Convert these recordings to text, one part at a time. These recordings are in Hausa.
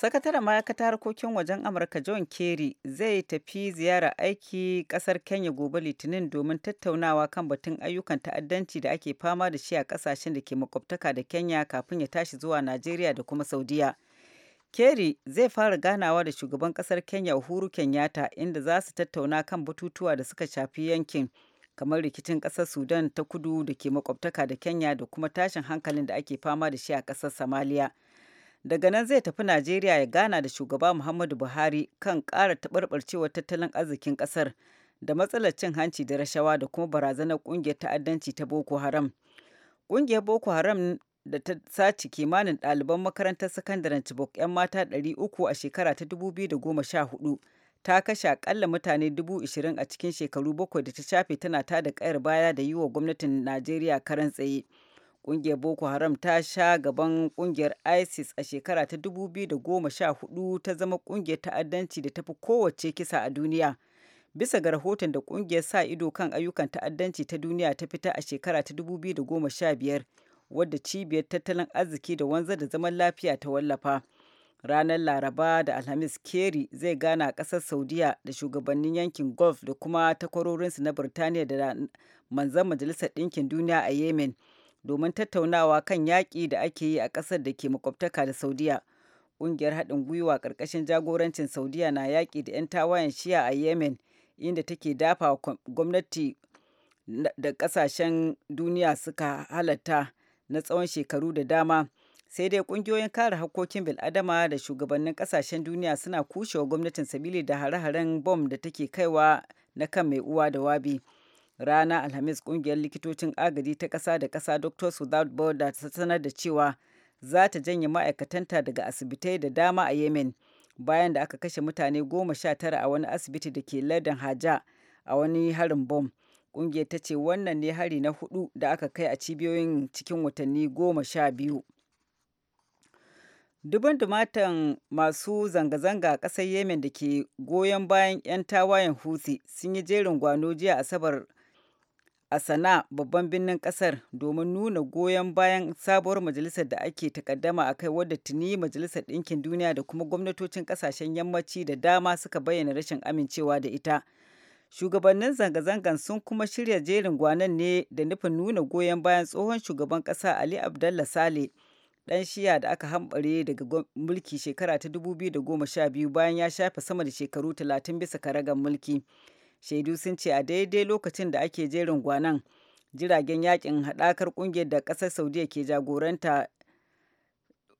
sakataren ma'aikatar harkokin wajen amurka john kerry zai tafi ziyara aiki kasar kenya gobe litinin domin tattaunawa kan batun ayyukan ta'addanci da ake fama da shi a kasashen da ke makwabtaka da kenya kafin ya tashi zuwa najeriya da kuma saudiya kerry zai fara ganawa da shugaban kasar kenya uhuru kenyatta inda za su tattauna kan batutuwa da suka shafi yankin kamar rikicin kasar sudan ta kudu da ke makwabtaka da kenya da kuma tashin hankalin da ake fama da shi a kasar somalia daga nan zai tafi najeriya ya gana da shugaba muhammadu buhari kan ƙara taɓarɓarcewar tattalin arzikin ƙasar da matsalar cin hanci da rashawa da kuma barazanar ƙungiyar ta'addanci ta boko haram ƙungiyar boko haram da ta sace kimanin ɗaliban makarantar sakandaren cibok 'yan mata ɗari uku a shekara ta 2014 ta kashe akalla mutane 20,000 a cikin shekaru bakwai da ta shafe tana tada kayar baya da yi wa gwamnatin Najeriya karan tsaye. Ƙungiyar Boko Haram ta sha gaban ƙungiyar ISIS a shekara ta 2014 ta zama ƙungiyar ta'addanci da tafi kowace kisa a duniya. Bisa ga rahoton da ƙungiyar sa ido kan ayyukan ta'addanci ta duniya ta fita a shekara ta 2015 wadda cibiyar tattalin arziki da wanzar da zaman lafiya ta wallafa. Ranar Laraba da Alhamis Kerry zai gana a ƙasar Saudiya da shugabannin yankin Gulf da kuma takwarorinsu na Birtaniya da manzan Majalisar Ɗinkin Duniya a Yemen. domin tattaunawa kan yaƙi da ake yi a ƙasar da ke makwabtaka da Saudiya. Ƙungiyar haɗin gwiwa ƙarƙashin jagorancin Saudiya na yaƙi da 'yan tawayen shiya a Yemen inda take dafa gwamnati da ƙasashen duniya suka halatta na tsawon shekaru da dama. sai dai ƙungiyoyin kare hakkokin bil'adama da shugabannin ƙasashen duniya suna kushewa gwamnatin sabili da hare-haren bom da take kaiwa na kan mai uwa da wabi rana alhamis kungiyar likitocin agaji ta kasa da kasa doctors without borders ta sanar da cewa za ta janye ma'aikatanta daga asibitai da dama a yemen bayan da aka kashe mutane goma sha tara a wani asibiti da ke ladan haja a wani harin bom kungiyar ta ce wannan ne hari na hudu da aka kai a cibiyoyin cikin watanni goma sha biyu dubin dumatan masu zanga-zanga a ƙasar yemen da ke goyon bayan 'yan tawayen huthi sun yi jerin gwano jiya asabar a sana babban birnin kasar domin nuna goyon bayan sabuwar majalisar da ake takaddama a kai wadda tuni majalisar ɗinkin duniya da kuma gwamnatocin ƙasashen yammaci da dama suka bayyana rashin amincewa da ita. Shugabannin zanga-zangan sun kuma shirya jerin gwanan ne da nufin nuna goyon bayan tsohon shugaban ƙasa Ali abdallah Sale ɗan shiya da aka hambare daga mulki shekara ta 2012 bayan ya shafe sama da shekaru 30 bisa karagar mulki. shaidu sun ce a daidai lokacin da ake jerin gwanan jiragen yakin haɗakar ƙungiyar da ƙasar saudiya ke jagoranta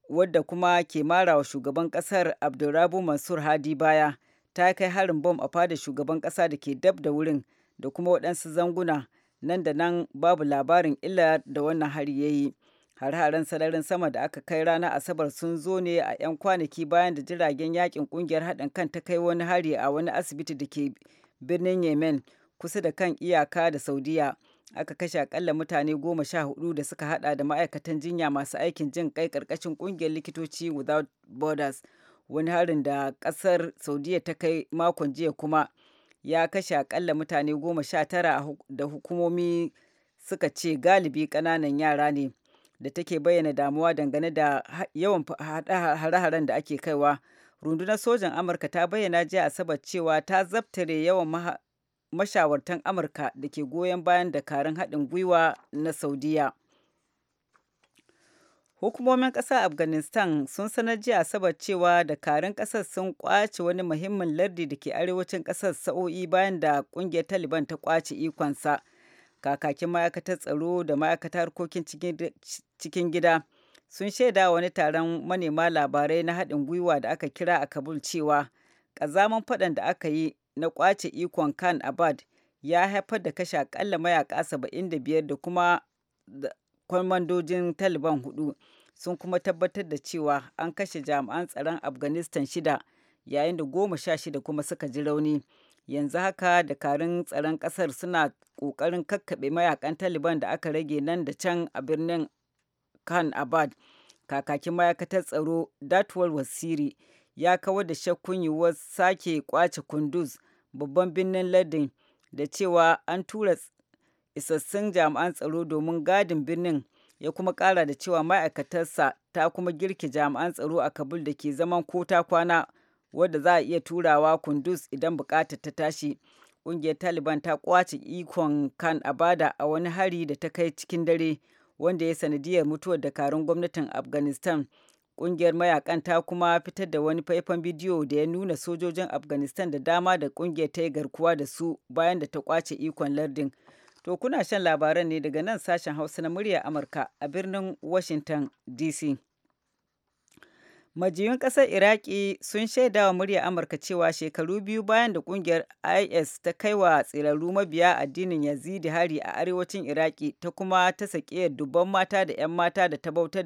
wadda kuma ke mara wa shugaban ƙasar abdurrabu mansur hadi baya ta kai harin bom a fada shugaban ƙasa da ke dab da wurin da kuma waɗansu zanguna nan da nan babu labarin illa da wannan hari ya yi har-haren sararin sama da aka kai ranar asabar sun zo ne a 'yan kwanaki bayan da jiragen yakin kungiyar haɗin kan ta kai wani hari a wani asibiti da ke birnin yemen kusa da kan iyaka da saudiya aka kashe akalla mutane goma sha hudu da suka hada da ma'aikatan jinya masu aikin jin kai karkashin kungiyar likitoci without borders wani harin da kasar saudiya ta kai makon jiya kuma ya kashe akalla mutane goma sha tara da hukumomi suka ce galibi kananan yara ne da take bayyana damuwa dangane da yawan hare-haren da ake kaiwa rundunar sojan amurka ta bayyana jiya asabar cewa ta zabtare yawan mashawartan amurka da ke goyon bayan dakarun haɗin gwiwa na saudiya hukumomin ƙasar afghanistan sun sanar jiya asabar cewa dakarun ƙasar sun kwace wani muhimmin lardi da ke arewacin ƙasar sa'o'i bayan da ƙungiyar taliban ta kwace ikonsa kakakin ma'aikatar tsaro da ma'aikatar harkokin cikin gida sun shaida wani taron manema labarai na haɗin gwiwa da aka kira a kabul cewa ƙazaman faɗan da aka yi na ƙwace ikon kan abad ya haifar da kashe akalla mayaka 75 da kuma kwamandojin taliban hudu sun kuma tabbatar da cewa an kashe jami'an tsaron afghanistan shida yayin da goma sha shida kuma suka ji rauni yanzu haka dakarun tsaron ƙasar suna ƙoƙarin kakkaɓe mayakan taliban da aka rage nan da can a birnin Khan Abad kakakin ma'aikatar tsaro datuwar Wasiri ya kawar da shakkun yiwuwar sake kwace Kunduz babban birnin lardin da cewa an tura isassun jami'an tsaro domin gadin birnin ya kuma kara da cewa ma'aikatarsa ta kuma girki jami'an tsaro a Kabul da ke zaman ko ta kwana wadda za a iya turawa Kunduz idan bukatar ta tashi. Ƙungiyar Taliban ta kwace ikon kan Abada a wani hari da ta kai cikin dare. wanda ya sanadiyar mutuwar dakarun gwamnatin afghanistan kungiyar mayakan ta kuma fitar da wani faifan bidiyo da ya nuna sojojin afghanistan da dama da kungiyar ta yi garkuwa da su bayan da ta kwace ikon lardin to kuna shan labaran ne daga nan sashen hausa na murya amurka a birnin washington dc majiyun ƙasar iraki sun shaida wa murya amurka cewa shekaru biyu bayan da ƙungiyar is ta kai wa tsirarru mabiya addinin yazidi hari a arewacin iraki ta kuma ta sake dubban mata da 'yan mata da ta bauta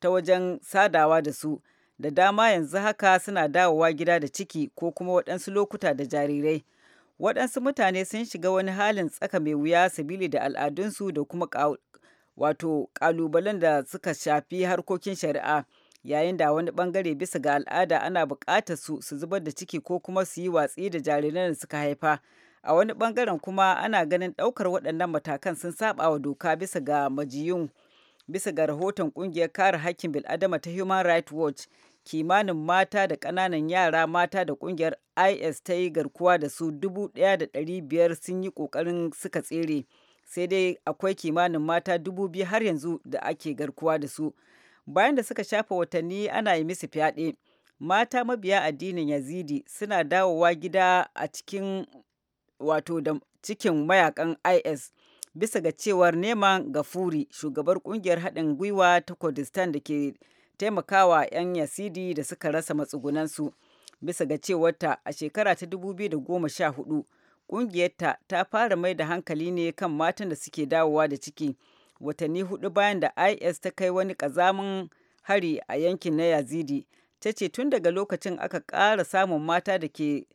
ta wajen sadawa da su da dama yanzu haka suna dawowa gida da ciki ko kuma waɗansu lokuta da jarirai waɗansu mutane sun shiga wani halin tsaka mai wuya sabili da al'adunsu da kuma wato ƙalubalen da suka shafi harkokin shari'a yayin da wani bangare bisa ga al'ada ana bukatar su su zubar da ciki ko kuma su yi watsi da jariran da suka haifa a wani bangaren kuma ana ganin ɗaukar waɗannan matakan sun saba wa doka bisa ga majiyun bisa ga rahoton ƙungiyar kare hakkin bil'adama ta human rights watch kimanin mata da ƙananan yara mata da ƙungiyar is ta yi garkuwa da su dubu da biyar sun yi ƙoƙarin suka tsere sai dai akwai kimanin mata 2,000 har yanzu da ake garkuwa da su bayan da suka shafa watanni ana yi musu fyaɗe mata mabiya addinin yazidi suna dawowa gida a cikin wato da cikin mayakan is bisa ga cewar neman gafuri shugabar kungiyar haɗin gwiwa ta kurdistan da ke taimakawa 'yan yazidi da suka rasa matsugunansu bisa ga cewarta a shekara ta 2014 kungiyarta ta fara mai da hankali ne kan matan da suke dawowa da ciki. watanni hudu bayan da is ta kai wani kazamin hari a yankin na yazidi ta ce tun daga lokacin aka ƙara samun mata da ke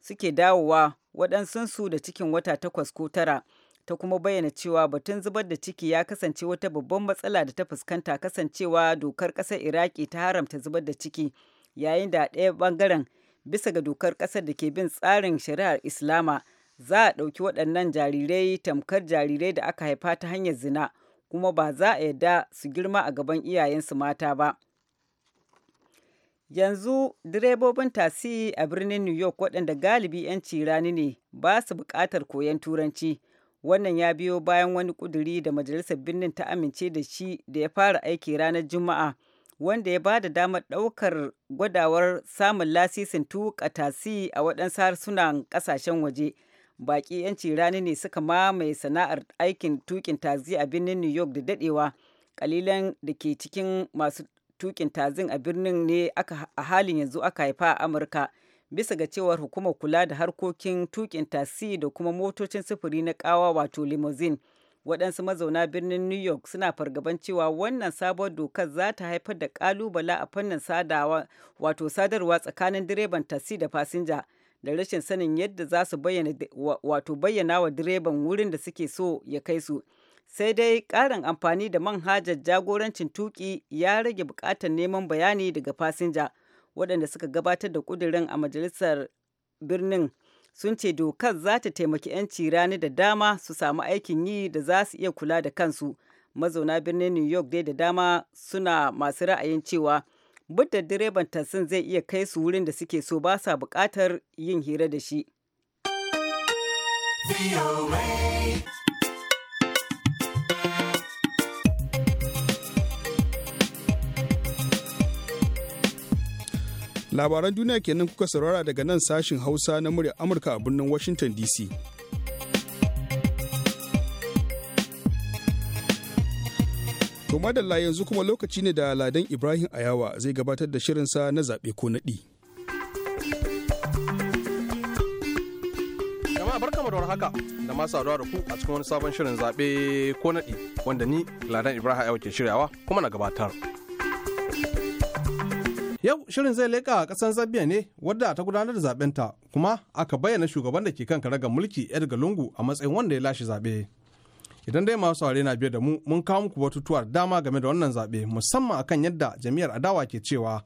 suke dawowa waɗansunsu da cikin wata takwas ko tara ta kuma bayyana cewa batun zubar da ciki ya kasance wata babban matsala da ta fuskanta kasancewa dokar ƙasar iraki ta haramta zubar da ciki yayin da ɗaya ɓangaren bisa ga dokar ƙasar da ke bin tsarin shari'ar islama za a ɗauki waɗannan jarirai tamkar jarirai da aka haifa ta hanyar zina kuma ba za a yarda su girma a gaban iyayensu mata ba. Yanzu direbobin tasi a birnin New York waɗanda galibi 'yanci rani ne ba su buƙatar koyon turanci. Wannan ya biyo bayan wani ƙuduri da majalisar birnin ta amince da shi da ya fara aiki ranar Juma'a. wanda ya ba da damar ɗaukar gwadawar samun lasisin tuƙa tasi a waɗansu harsunan ƙasashen waje baƙi 'yanci rani ne suka mamaye sana'ar aikin tukin tazi a birnin new york da dadewa kalilan da ke cikin masu tukin tazin a birnin ne a halin yanzu aka haifa a amurka bisa ga cewar hukumar kula da harkokin tukin tasi da kuma motocin sufuri na kawa wato limousine waɗansu mazauna birnin new york suna fargaban cewa wannan sabon dokar za ta haifar da ƙalubala a fannin sadarwa tsakanin direban tasi da fasinja da rashin sanin yadda za su bayyana wato bayyana wa direban wurin da suke so ya kai su sai dai ƙarin amfani da manhajar jagorancin tuki ya rage buƙatar neman bayani daga fasinja waɗanda suka gabatar da ƙudurin a majalisar birnin sun ce dokar za ta taimaki 'yanci rani da dama su samu aikin yi da za su iya kula da kansu mazauna birnin new york dai da dama suna masu ra'ayin cewa budda direban tassin zai iya kai su wurin da suke so ba sa buƙatar yin hira da shi. Labaran duniya kenan kuka saurara daga nan sashin Hausa na murya Amurka a birnin Washington DC. To madalla yanzu kuma lokaci ne da Ladan Ibrahim Ayawa zai gabatar da shirinsa na zaɓe ko naɗi. Jama'a barkamu da haka da ma saduwa da ku a cikin wani sabon shirin zaɓe ko naɗi wanda ni Ladan Ibrahim Ayawa ke shiryawa kuma na gabatar. Yau shirin zai leƙa ƙasar zambia ne wadda ta gudanar da zaɓenta kuma aka bayyana shugaban da ke kan karagar mulki Edgar Lungu a matsayin wanda ya lashe zaɓe. idan dai masu saurari na biye da mu mun kawo muku batutuwar dama game da wannan zaɓe musamman akan yadda jami'ar adawa ke cewa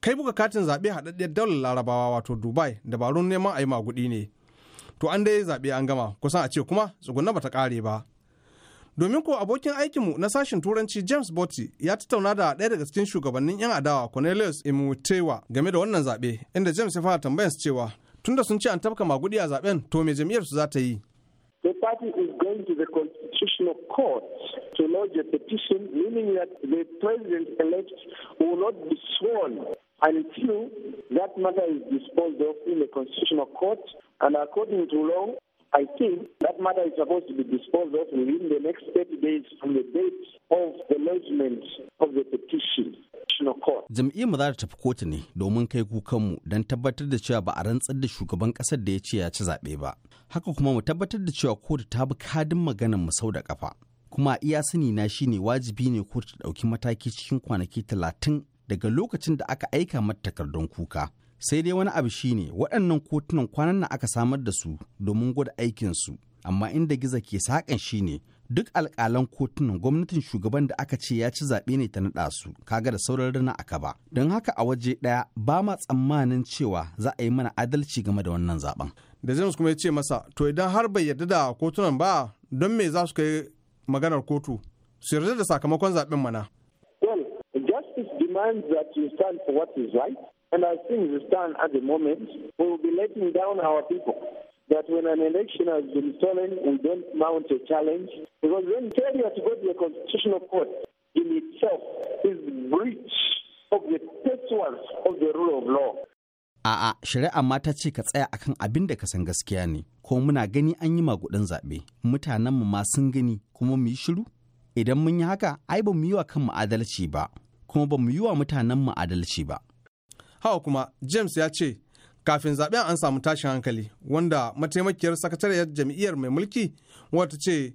kai buga katin zaɓe haɗaɗɗiyar daular larabawa wato dubai dabarun neman a yi maguɗi ne to an dai zaɓe an gama kusan a ce kuma tsugunna bata ƙare ba domin ko abokin aikinmu na sashen turanci james botti ya tattauna da ɗaya daga cikin shugabannin 'yan adawa cornelius imutewa game da wannan zaɓe inda james ya fara su cewa tunda sun ce an tafka maguɗi a zaɓen to me jam'iyyar su za ta yi The party is going to the Constitutional Court to lodge a petition, meaning that the president elect will not be sworn until that matter is disposed of in the Constitutional Court. And according to law, I think that matter is supposed to be disposed of within the next 30 days from the date of the lodgement of the petition. Jam'iyyar mu za ta tafi kotu ne domin kai kukanmu don tabbatar da cewa ba a rantsar da shugaban ƙasar da ya ce ya ci zaɓe ba. haka kuma mu tabbatar da cewa kotu ta bi kadin maganan mu sau da kafa kuma iya sani na shine wajibi ne kotu ta ɗauki mataki cikin kwanaki talatin daga lokacin da aka aika mata takardun kuka sai dai wani abu shine waɗannan kotunan kwanan na aka samar da su domin gwada aikin su amma inda giza ke sakan shine duk alƙalan kotunan gwamnatin shugaban da aka ce ya ci zaɓe ne ta naɗa su kaga da sauran rana aka ba don haka a waje ɗaya ba ma tsammanin cewa za a yi mana adalci game da wannan zaɓen da kuma ya ce masa to idan har bai yarda da kotunan ba don me za su kai maganar kotu su yarda da sakamakon zaben mana well justice demands that you stand for what is right and as things stand at the moment we will be letting down our people that when an election has been stolen we don't mount a challenge because then failure to go to the constitutional court in itself is breach of the pursuance of the rule of law A'a, shari'a ma ta ce ka tsaya akan abin da ka san gaskiya ne, ko muna gani an yi magudan zaɓe, mutanenmu ma sun gani kuma mu yi shiru? Idan mun yi haka, ai ba mu yi wa kanmu adalci ba, kuma ba mu yi wa mutanenmu adalci ba. Hawa kuma, James ya ce, kafin zaɓen an samu tashin hankali, wanda mataimakiyar sakatariyar jam'iyyar mai mulki, wata ce,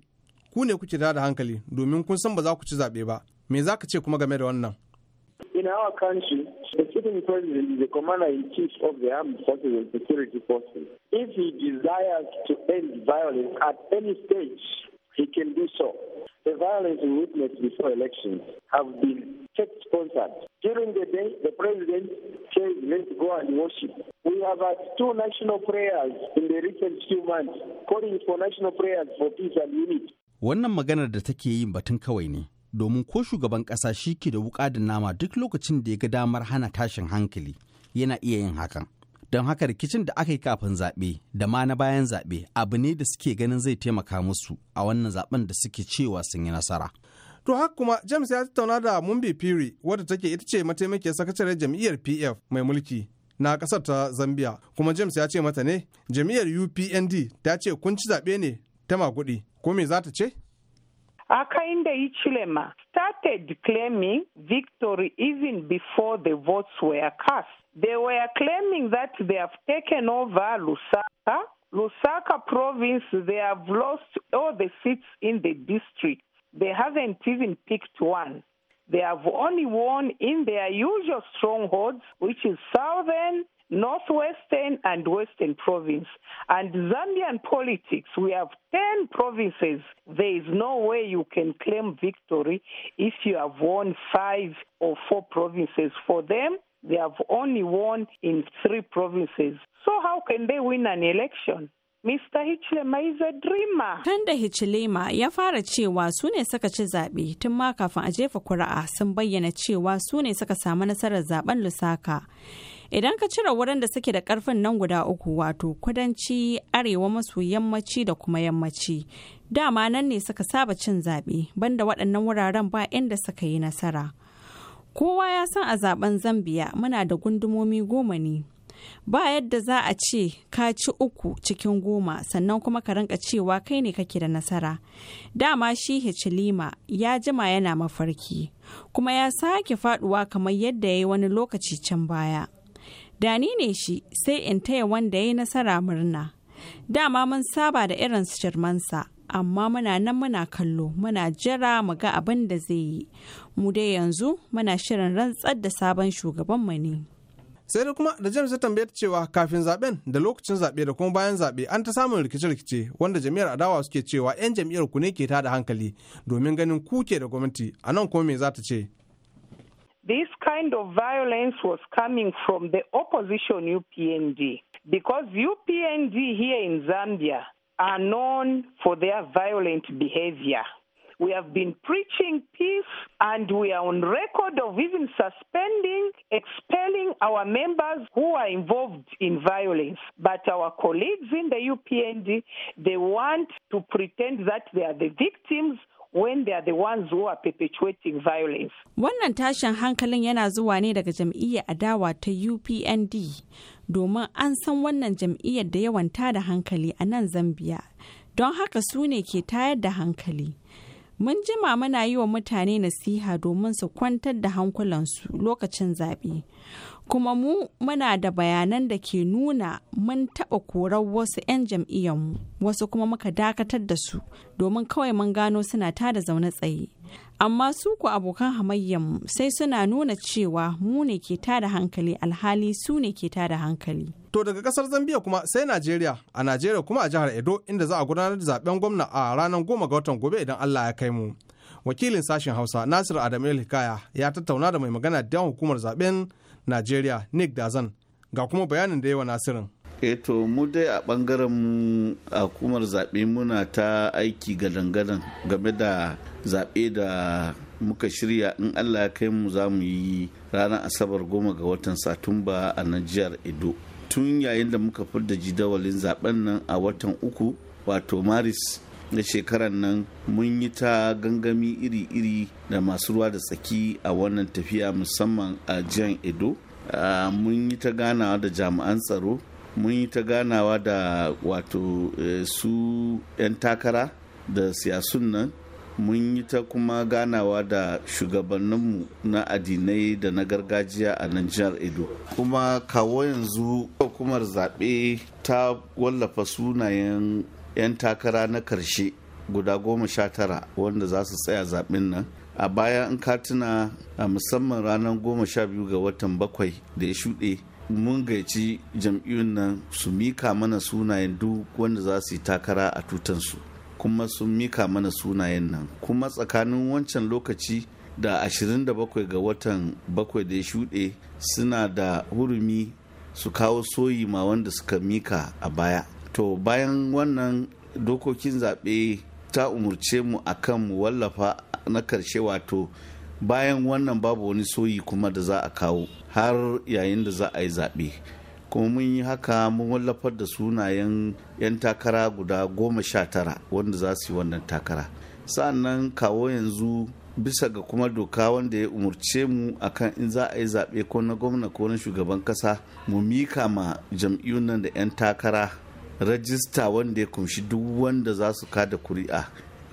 ku ne kuke da hankali, domin kun san ba za ku ci zaɓe ba. Me za ka ce kuma game da wannan? In our country, the sitting president is the commander in chief of the armed forces and security forces. If he desires to end violence at any stage, he can do so. The violence we witnessed before elections have been state sponsored. During the day, the president says, let's go and worship. We have had two national prayers in the recent few months, calling for national prayers for peace and unity. Wannan maganar da take yi batun kawai ne. domin ko shugaban ƙasa shi ke da wuƙa da nama duk lokacin da ya ga damar hana tashin hankali yana iya yin hakan don haka rikicin da aka yi kafin zaɓe da ma na bayan zaɓe abu ne da suke ganin zai taimaka musu a wannan zaɓen da suke cewa sun yi nasara To haka kuma James ya tattauna da Mumbi Piri wadda take ita ce mataimakiyar sakataren jam'iyyar PF mai mulki na kasar ta Zambia. Kuma James ya ce mata ne jam'iyyar UPND ta ce kun ci zaɓe ne ta maguɗi. Ko me za ta ce? Akainde Ichilema started claiming victory even before the votes were cast. They were claiming that they have taken over Lusaka. Lusaka province, they have lost all the seats in the district. They haven't even picked one. They have only won in their usual strongholds, which is southern northwestern and western province. And Zambian politics, we have 10 provinces. There is no way you can claim victory if you have won five or four provinces. For them, they have only won in three provinces. So, how can they win an election? Mr. Hichilema is a dreamer. Tanda Hichilema ya fara cewa su ne suka ci zaɓe tun ma kafin a jefa kuri'a sun bayyana cewa su ne suka samu nasarar zaben Lusaka. Idan ka cire wurin da suke da ƙarfin nan guda uku wato kudanci, arewa maso yammaci da kuma yammaci. Dama nan ne suka saba cin zaɓe, banda waɗannan wuraren ba inda suka yi nasara. Kowa ya san a zaben Zambiya muna da gundumomi goma ne. Ba yadda za a ce ka ci uku cikin goma sannan kuma ka rinka cewa kai ne kake da nasara. Dama shi Hichilima ya jima yana mafarki, kuma ya sake faduwa kamar yadda ya yi wani lokaci can baya. da ni ne shi sai in taya wanda ya yi nasara murna dama mun saba da irin shirmansa amma muna nan muna kallo muna jira mu ga abin da zai yi mu dai yanzu muna shirin rantsar da sabon shugabanmu ne sai da kuma da james tambaya tambaye ta cewa kafin zaben da lokacin zabe da kuma bayan zabe an ta samun rikice-rikice wanda jami'ar adawa suke cewa 'yan jami'ar ku ne ke da hankali domin ganin kuke da gwamnati a nan kuma me za ta ce This kind of violence was coming from the opposition UPND because UPND here in Zambia are known for their violent behavior. We have been preaching peace and we are on record of even suspending, expelling our members who are involved in violence. But our colleagues in the UPND, they want to pretend that they are the victims when they are the ones who are perpetuating violence. Wannan tashin hankalin yana zuwa ne daga jam'iyyar adawa ta UPND domin an san wannan jam'iyyar da yawan da hankali a nan zambia Don haka su ne ke tayar da hankali. Mun jima muna yi wa mutane nasiha domin su kwantar da hankulansu lokacin zaɓe. kuma mu muna da bayanan da ke nuna mun taɓa korar wasu 'yan jam'iyyarmu wasu kuma muka dakatar da su domin kawai mun gano suna ta da zaune tsaye amma su ku abokan hamayyarmu sai suna nuna cewa mu ne ke tada hankali alhali su ne ke tada hankali to daga kasar zambia kuma sai najeriya a najeriya kuma a jihar edo inda za a gudanar da zaben gwamna a ranar goma ga watan gobe idan allah ya kai mu wakilin sashen hausa nasir adamu hikaya ya tattauna da mai magana da hukumar zaben najeriya nick dazan ga kuma bayanin da yawa nasirin eto eh mu dai a bangaren hukumar zaɓe muna ta aiki gadan-gadan game da zaɓe da muka shirya in allah ya kai mu za mu yi ranar asabar goma ga watan satumba a nan ido edo tun yayin da muka fidda jidawalin zaben nan a watan uku wato maris da shekarar nan mun yi ta gangami iri-iri da masu ruwa da tsaki a wannan tafiya musamman a jihar edo mun yi ta ganawa da jami'an tsaro mun yi ta ganawa da wato e, su 'yan takara da siyasun nan mun yi ta kuma ganawa da shugabanninmu na addinai da na gargajiya a nan jihar edo kuma kawo yanzu hukumar zaɓe ta wallafa sunayen 'yan takara na karshe guda goma sha tara wanda za su tsaya zaɓen nan a baya in katina a musamman ranar goma sha biyu ga watan bakwai da ya shuɗe mun gaici jam'iyyun nan su mika mana sunayen duk wanda za su yi takara a tutansu kuma sun mika mana sunayen nan kuma tsakanin wancan lokaci da 27 ga watan bakwai da ya shuɗe suna da hurumi su kawo soyi ma wanda suka mika a baya to bayan wannan dokokin zaɓe ta umarci mu akan mu wallafa na karshe wato bayan wannan babu wani soyi kuma da za a kawo har yayin da za a yi zaɓe kuma mun yi haka mun wallafar da sunayen 'yan takara guda goma sha tara wanda za su yi wannan takara sa'annan kawo yanzu bisa ga kuma doka wanda ya umarce mu akan in za a yi zaɓe ko na gwamna ko na shugaban ƙasa mu mika ma jam'iyyun nan da 'yan takara rajista wanda ya kumshi duk wanda za su kada kuri'a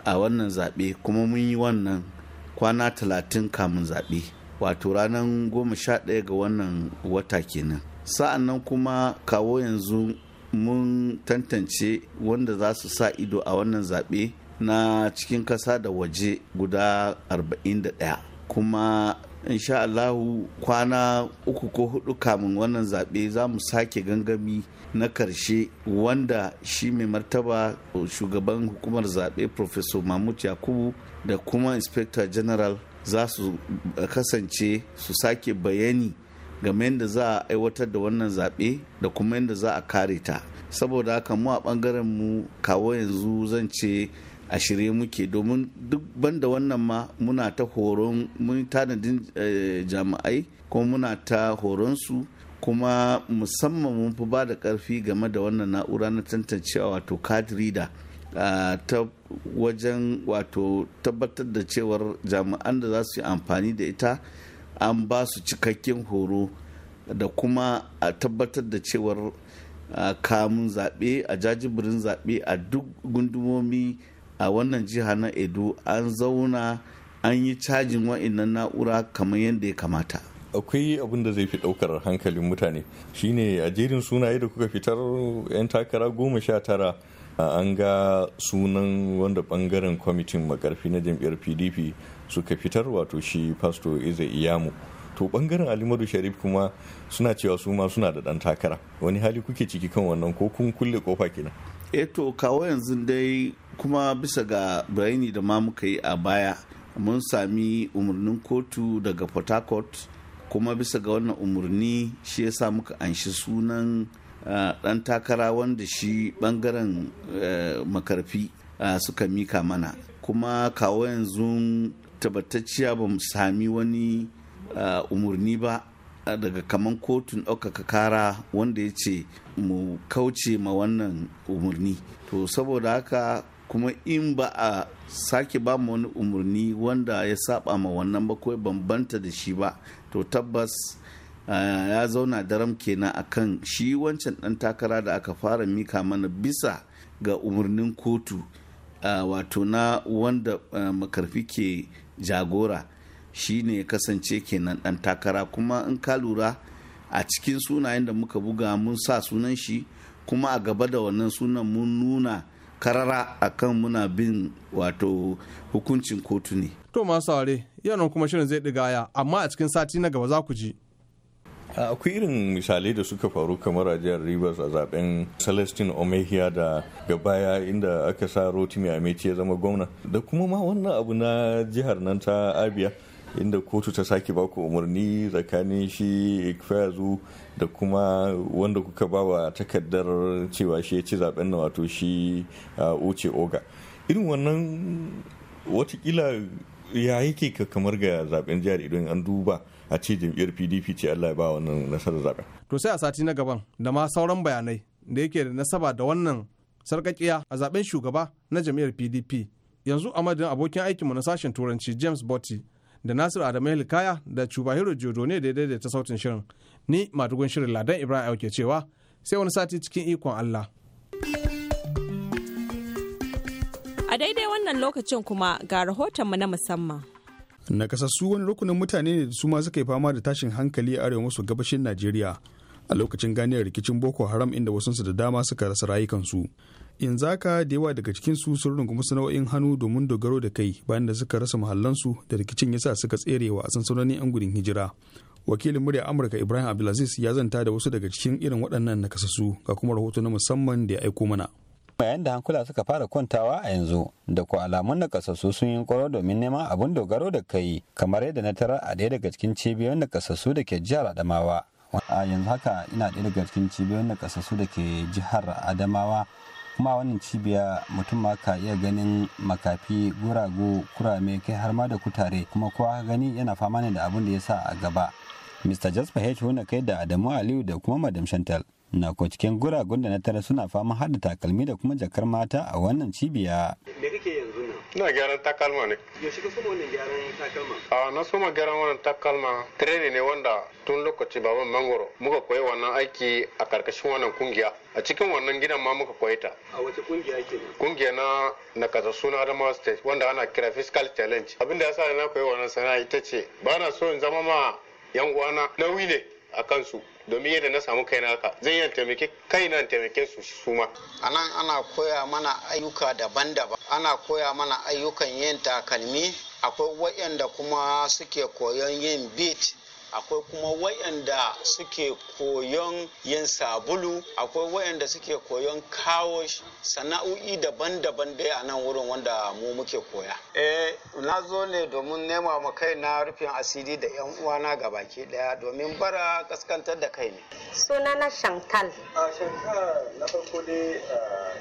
a wannan zaɓe kuma mun yi wannan kwana talatin kamun zaɓe wato ranar goma sha ɗaya ga wannan wata kenan sa'an nan kuma kawo yanzu mun tantance wanda za su sa ido a wannan zaɓe na cikin ƙasa da waje guda 41 kuma sha Allahu kwana uku ko hudu kamun wannan zaɓe za mu sake gangami na karshe wanda shi mai martaba uh, shugaban hukumar zaɓe Professor Mahmud Yakubu da kuma Inspector General za su uh, kasance su sake bayani game da za a aiwatar da wannan zaɓe da kuma yadda za a kare ta saboda haka mu a ɓangaren mu kawo yanzu zan ce a shirye muke domin duk banda wannan ma muna ta horon mun tanadin eh, jami'ai kuma muna ta horon su kuma musamman mun fi ba da karfi game da wannan na'ura na tantancewa wato card reader ah, ta wajen wato tabbatar da cewar jami'an da za su yi amfani da ita an ba su cikakken horo da kuma a tabbatar da cewar ah, kamun zaɓe a jajibirin zaɓe a duk gundumomi a wannan jiha na edo an zauna an yi cajin waannan na'ura kamar yadda ya kamata akwai abin da zai fi daukar hankalin mutane shine a jerin sunaye da kuka fitar 'yan takara goma sha tara an ga sunan wanda bangaren kwamitin makarfi na jam'iyyar pdp suka fitar wato shi pasto eze iyamu to bangaren alimadu sharif kuma suna cewa su ma suna da dan takara wani hali kuke ciki kan wannan ko kun kulle kofa kenan eh to kawo yanzu dai kuma bisa ga bayani da ma muka yi a baya mun sami umarnin kotu daga port harcourt kuma bisa ga wannan umarni shi ya sa muka anshi sunan dan eh, takara wanda shi bangaren eh, makarfi eh, suka mika mana kuma kawo yanzu tabbatacciya ba mu sami wani umarni ba daga kaman kotun ɗaukaka kara wanda ya ce mu kauce ma wannan umarni to saboda haka kuma in ba a sake ba mu wani umarni wanda ya saba ma wannan ba ko bambanta da shi ba to tabbas eh, ya zauna daram kenan a kan shi wancan dan takara da aka fara mika mana bisa ga umarnin kotu eh, wato na wanda eh, makarfi ke jagora shi ne kasance kenan dan takara kuma in ka lura a cikin sunayen da muka buga mun sa sunan shi kuma a gaba da wannan sunan mun nuna karara akan muna bin wato hukuncin kotu ne. To masu saurare kuma shirin zai ɗigaya amma a cikin sati na gaba za ku ji. akwai irin misalai da suka faru kamar a jihar rivers a zaben celestine omehia da gabaya inda aka sa rotimi a ya zama gwamna da kuma ma wannan abu na jihar nan ta abia inda kotu ta sake baku umarni tsakanin shi ikfayazu da kuma wanda kuka ba wa takardar cewa shi ya ci zaben na wato shi oce oga irin wannan watakila ya yake kamar ga zaben jihar idan an duba a ce jam'iyyar pdp ce allah ya ba wannan nasarar zaben to sai a sati na gaban da ma sauran bayanai da yake da nasaba da wannan sarkakiya a zaben shugaba na jam'iyyar pdp yanzu a madadin abokin aikinmu na sashen turanci james botti da Nasiru Adamu Hilkaya da cubahiru Jodo ne daidai da ta sautin shirin. Ni madugun shirin Ladan Ibrahim ke cewa sai wani sati cikin ikon Allah. A daidai wannan lokacin kuma ga rahoton rahotonmu na musamman. Nakasassu wani rukunin mutane ne da su ma suka yi fama da tashin hankali a arewa maso gabashin Najeriya a lokacin ganiyar rikicin Boko Haram inda wasunsu da dama suka rasa rayukansu. yanzu haka da yawa daga cikinsu sun rungumi sana'o'in hannu domin dogaro da kai bayan da suka rasa mahallansu da rikicin yasa suka tserewa a sansanonin 'yan gudun hijira wakilin murya amurka ibrahim abdulaziz ya zanta da wasu daga cikin irin waɗannan nakasassu ga kuma rahoto na musamman da ya aiko mana bayan da hankula suka fara kwantawa a yanzu da ku alamun nakasassu kasassu sun yi kwaro domin neman abun dogaro da kai kamar yadda na tara a ɗaya daga cikin cibiyoyin da kasassu da ke jihar adamawa a yanzu haka ina ɗaya daga cikin cibiyoyin da kasassu da ke jihar adamawa kuma wannan cibiya mutum ma ka iya ganin makafi gurago kurame kai har ma da kutare kuma kowa gani yana fama ne da abin da ya sa a gaba mr jasper h wanda kai da adamu aliyu da kuma madam shantal na ko cikin guragun da na tara suna fama har da takalmi da kuma jakar mata a wannan cibiya ina gyaran takalma ne yaushe ka soma wannan gyaran takalma a na soma gyaran wannan takalma training ne wanda tun lokaci baban mangoro muka koyi wannan aiki a karkashin wannan kungiya a cikin wannan gidan ma muka koyi ta a wace kungiya ke kungiya na na kasa suna adamawa state wanda ana kira fiscal challenge abinda sa na koyi wannan sana'a ita ce ba na so in zama ma yan uwana nauyi ne a kansu domin yadda na samu kaina haka zan yi taimake kaina taimake su su ma anan ana koya mana ayyuka daban-daban ana koya mana ayyukan yin takalmi akwai waɗanda kuma suke koyon yin bit akwai kuma wayanda suke koyon yin sabulu akwai wayanda suke koyon kawo sana'o'i daban-daban dai a nan wurin wanda mu muke koya eh na zo ne domin nema ma kai na rufin asiri da yan uwana gabaki daya domin bara kaskantar da kai ne suna na shantal a shankal na farko dai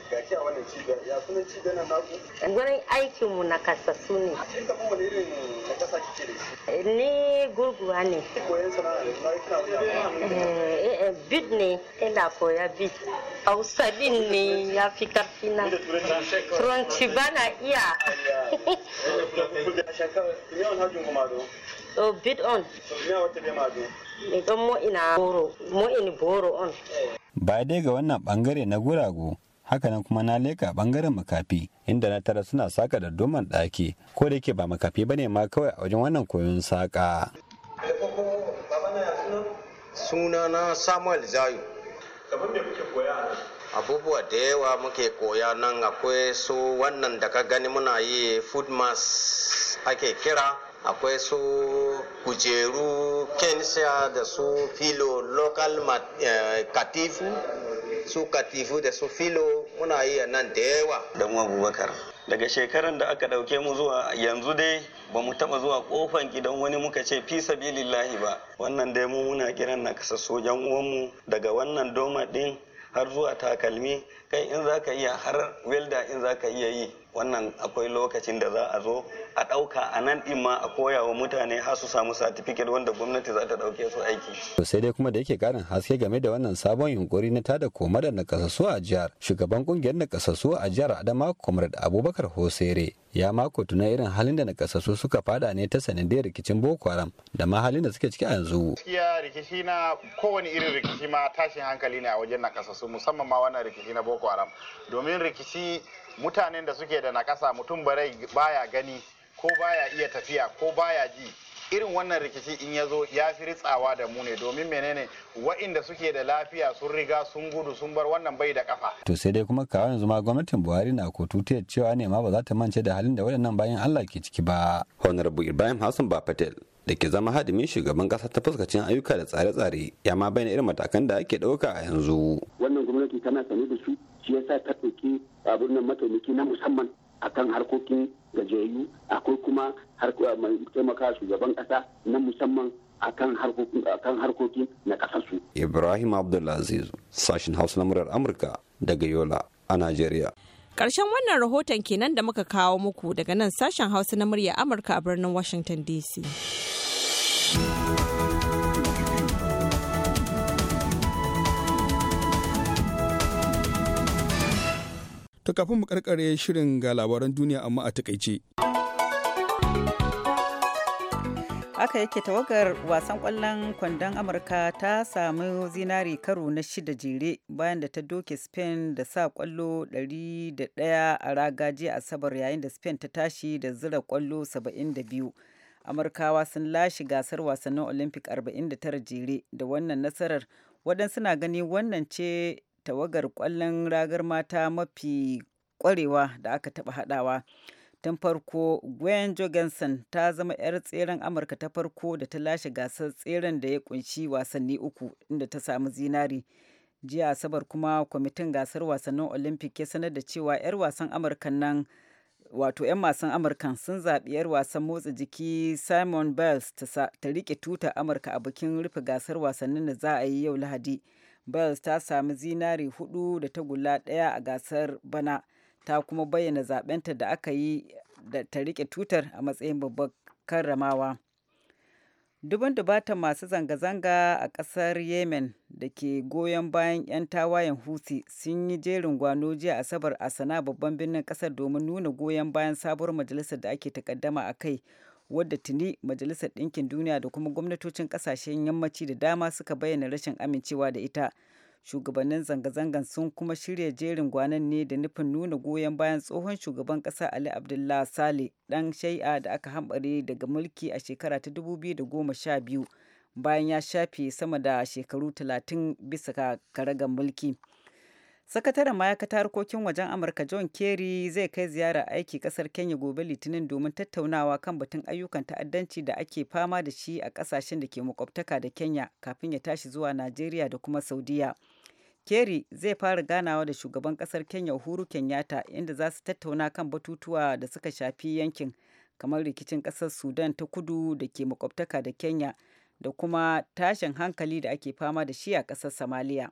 ga ki a wannan cibiyar ya suna cibiyar na naku gurin aikin mu na kasassu ne a cikin kafin wani irin na kasa kike da shi eh, ni gurguwa ne Eh, eh, eh, ya fi oh, ba dai ga wannan bangare na guragu hakanan kuma na leka bangaren makafi inda na tara suna saka da doman ɗaki ko da yake ba makafi ba ne ma kawai a wajen wannan koyon saka sunana samuel zayu kamar me koya abubuwa da yawa muke koya nan akwai su wannan da ka gani muna yi food mass ake kira akwai su kujeru kensiya da su filo local eh, katifu su katifu da su filo muna yi nan da yawa don abubakar daga shekaran da aka ɗauke mu zuwa yanzu dai ba mu taɓa zuwa ƙofan gidan wani muka ce fi sabilillahi ba wannan dai mu muna kiran na kasa sojan uwanmu daga wannan doma ɗin har zuwa takalmi kai in za ka iya har welda in za ka iya yi wannan akwai lokacin da za a zo a ɗauka a nan ɗin ma a koya wa mutane har su samu satifiket wanda gwamnati za ta ɗauke su aiki. sai dai kuma da yake ƙarin haske game da wannan sabon yunkuri na tada koma da nakasassu a jihar shugaban ƙungiyar nakasassu a jihar adama comrade abubakar hosere ya mako tuna irin halin da nakasassu suka fada ne ta sanadiyar rikicin boko haram da ma halin da suke ciki a yanzu. gaskiya rikici na kowane irin rikici ma tashin hankali ne a wajen nakasassu musamman ma wannan rikici na boko haram domin rikici mutanen da suke da nakasa mutum barai baya gani ko baya iya tafiya ko baya ji irin wannan rikici in ya zo ya fi ritsawa da mu ne domin menene wa'inda suke da lafiya sun riga sun gudu sun bar wannan bai da kafa. To sai dai kuma kawo yanzu ma gwamnatin Buhari na kotutiyar cewa ne ma ba za ta mance da halin da waɗannan bayan Allah ke ciki ba. Honorable Ibrahim Hassan ba Patel da ke zama hadimin shugaban kasa ta fuskacin ayyuka da tsare-tsare ya ma bayyana irin matakan da ake ɗauka a yanzu. Wannan gwamnati tana sanu da su shi ya sa ta ɗauki abin nan mataimaki na musamman akan harkokin gajiyayyu akwai kuma ah, mai taimaka shugaban ƙasa na musamman akan harkokin na ƙasarsu. Ibrahim Abdulaziz sashin Hausa na murar Amurka daga Yola a nigeria. Ƙarshen wannan rahoton kenan da muka kawo muku daga nan sashen Hausa na murya Amurka a birnin Washington DC. To kafin mu karkare shirin ga labaran duniya amma a takaice. Aka yake tawagar wasan kwallon kwandon Amurka ta samu zinari karo na shida jere bayan da ta doke Spain da sa kwallo 101 a raga jiya Asabar yayin da Spain ta tashi da zira kwallo 72. Amurkawa sun lashe gasar wasannin Olympic 49 jere da wannan nasarar waɗansu na gani wannan ce tawagar kwallon ragar mata mafi kwarewa da aka taba hadawa tun farko gwen jorgensen ta zama 'yar tseren amurka ta farko da ta lashe gasar tseren da ya kunshi wasanni uku inda ta samu zinari jiya asabar kuma kwamitin gasar wasannin olympic ya sanar da cewa 'yar wasan amurka nan wato 'yan wasan amurka sun zaɓi 'yar wasan motsa jiki simon biles ta rike tuta amurka a bikin rufe gasar wasannin da za a yi yau lahadi Bells ta sami zinari hudu da tagulla ɗaya a gasar bana ta kuma bayyana zabenta da aka yi da ta rike tutar a matsayin babbar karramawa. Dubun dubatan masu zanga-zanga a ƙasar Yemen da ke goyon bayan 'yan tawayen Houthi sun yi jerin gwano jiya Asabar a sana babban birnin ƙasar domin nuna goyon bayan sabuwar majalisar da ake takaddama a kai wadda tuni majalisar ɗinkin duniya da kuma gwamnatocin ƙasashen yammaci da dama suka bayyana rashin amincewa da ita shugabannin zanga-zangan sun kuma shirya jerin gwanan ne da nufin nuna goyon bayan tsohon shugaban ƙasa ali abdullah sale ɗan shai'a da aka hambare daga mulki a shekara ta 2012 bayan ya shafe sama da shekaru talatin bisa karagar mulki. Sakataren ma'aikatar harkokin wajen Amurka John Kerry zai kai ziyara aiki kasar Kenya gobe Litinin domin tattaunawa kan batun ayyukan ta'addanci da ake fama da shi a kasashen da ke makwabtaka da Kenya kafin ya tashi zuwa Najeriya da kuma Saudiya. Kerry zai fara ganawa da shugaban kasar Kenya Uhuru Kenyatta inda za su tattauna kan batutuwa da suka shafi yankin kamar rikicin kasar Sudan ta kudu da ke makwabtaka da Kenya da kuma tashin hankali da ake fama da shi a kasar Somalia.